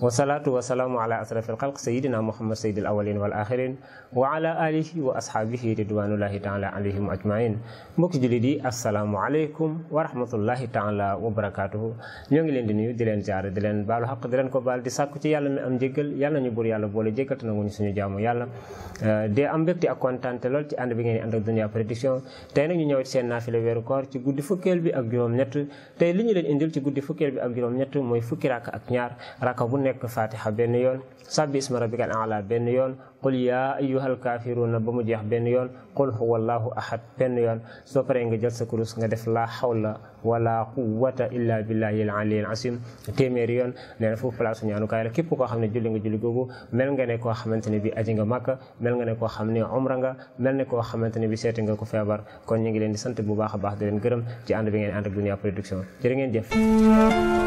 wasalaatu wasalaamu ala asrafil xalq sayidina muhammad sayidil awalin wal axirin wa ala alihi wa ashaabihi ridwanullahi taala alayhim ajmain mbokki jullit yi asalaamualeykum wa rahmatullahi taala wa barakatuhu ñoo ngi leen di nuyu di leen jaar di leen baalu xaq di leen ko baal di sàkku ci yàlla mi am njéggal yàlla ñu buur yàlla boole jéggal te nangu ñu suñu jaamu yàlla eh, de am mbégte ak kontaante lool ci ànd bi ngeen di ànd ak Dunya Production tey nag ñu ñëw seen naafila weeru koor ci guddi fukkeel bi ak juróom-ñett tey li ñu leen indil ci guddi fukkeel bi ak juróom-ñett mooy fukki raka ak ñaar raka bu nekk nek fatiha ben yon sabbi isma rabbikal a'la ben yon qul ya ayyuhal kafirun ba mu jeex qul huwallahu ahad ben yon so pare nga jël sa kurus nga def la hawla wala quwwata illa billahi al aliyyil asim temer yon nee fu place ñaanu kay la kep ko xamne julli nga julli googu mel nga ne ko xamanteni bi aji nga makka mel nga ne ko xamne umra nga mel ne ko xamanteni bi nga ko febar kon ñi ngi leen di sante bu baaxa baax di leen gërëm ci and bi ngeen and ak Dunya Production jërë ngeen jëf